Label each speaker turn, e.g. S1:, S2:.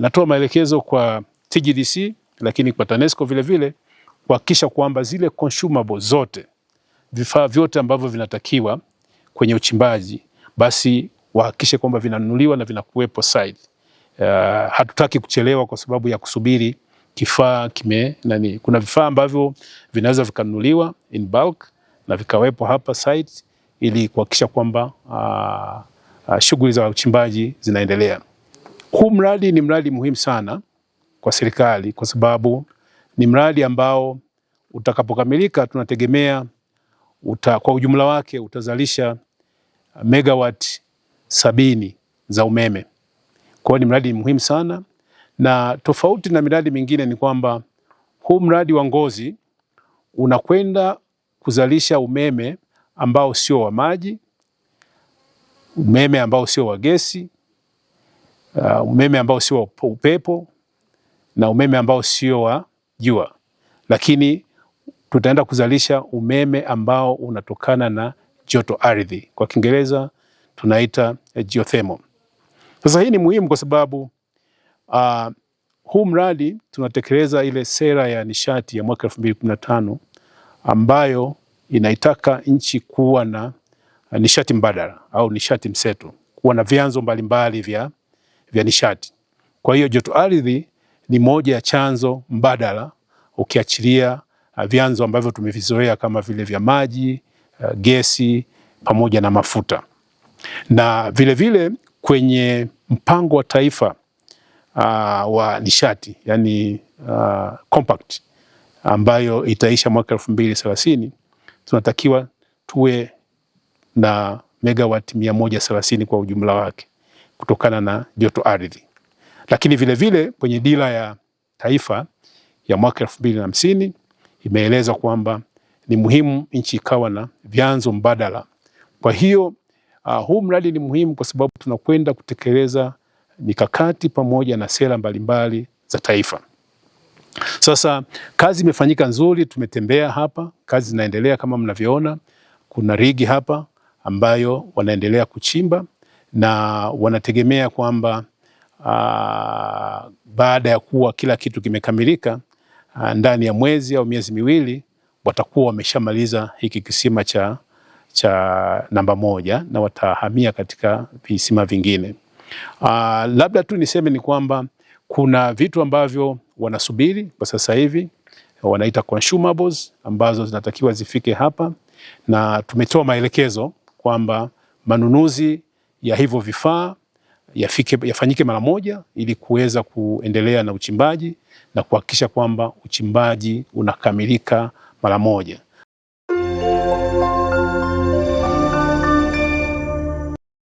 S1: natoa maelekezo kwa TGDC lakini kwa TANESCO vile vile kuhakikisha kwamba zile consumable zote, vifaa vyote ambavyo vinatakiwa kwenye uchimbaji, basi wahakikishe kwamba vinanunuliwa na vinakuwepo site. Uh, hatutaki kuchelewa kwa sababu ya kusubiri kifaa kime nani. Kuna vifaa ambavyo vinaweza vikanunuliwa in bulk na vikawepo hapa site ili kuhakikisha kwamba uh, uh, shughuli za uchimbaji zinaendelea. Huu mradi ni mradi muhimu sana kwa serikali kwa sababu ni mradi ambao utakapokamilika tunategemea uta, kwa ujumla wake utazalisha megawati sabini za umeme. Kwa hiyo ni mradi muhimu sana, na tofauti na miradi mingine ni kwamba huu mradi wa Ngozi unakwenda kuzalisha umeme ambao sio wa maji, umeme ambao sio wa gesi, uh, umeme ambao sio wa upepo na umeme ambao sio wa jua, lakini tutaenda kuzalisha umeme ambao unatokana na joto ardhi, kwa Kiingereza tunaita geothermal. Sasa hii ni muhimu kwa sababu uh, huu mradi tunatekeleza ile sera ya nishati ya mwaka 2015 ambayo inaitaka nchi kuwa na nishati mbadala au nishati mseto, kuwa na vyanzo mbalimbali vya vya nishati. Kwa hiyo joto ardhi ni moja ya chanzo mbadala ukiachilia uh, vyanzo ambavyo tumevizoea kama vile vya maji, uh, gesi pamoja na mafuta. Na vile vile kwenye mpango wa taifa uh, wa nishati yani uh, compact ambayo itaisha mwaka elfu mbili thelathini tunatakiwa tuwe na megawati mia moja thelathini kwa ujumla wake kutokana na joto ardhi. Lakini vilevile vile, kwenye dira ya taifa ya mwaka elfu mbili na hamsini imeeleza kwamba ni muhimu nchi ikawa na vyanzo mbadala. Kwa hiyo uh, huu mradi ni muhimu kwa sababu tunakwenda kutekeleza mikakati pamoja na sera mbalimbali za taifa. Sasa kazi imefanyika nzuri, tumetembea hapa, kazi zinaendelea kama mnavyoona. Kuna rigi hapa ambayo wanaendelea kuchimba na wanategemea kwamba ah, baada ya kuwa kila kitu kimekamilika ah, ndani ya mwezi au miezi miwili watakuwa wameshamaliza hiki kisima cha, cha namba moja na watahamia katika visima vingine. Aa, ah, labda tu niseme ni kwamba kuna vitu ambavyo wanasubiri kwa sasa hivi wanaita consumables ambazo zinatakiwa zifike hapa, na tumetoa maelekezo kwamba manunuzi ya hivyo vifaa yafike, yafanyike mara moja ili kuweza kuendelea na uchimbaji na kuhakikisha kwamba uchimbaji unakamilika mara moja.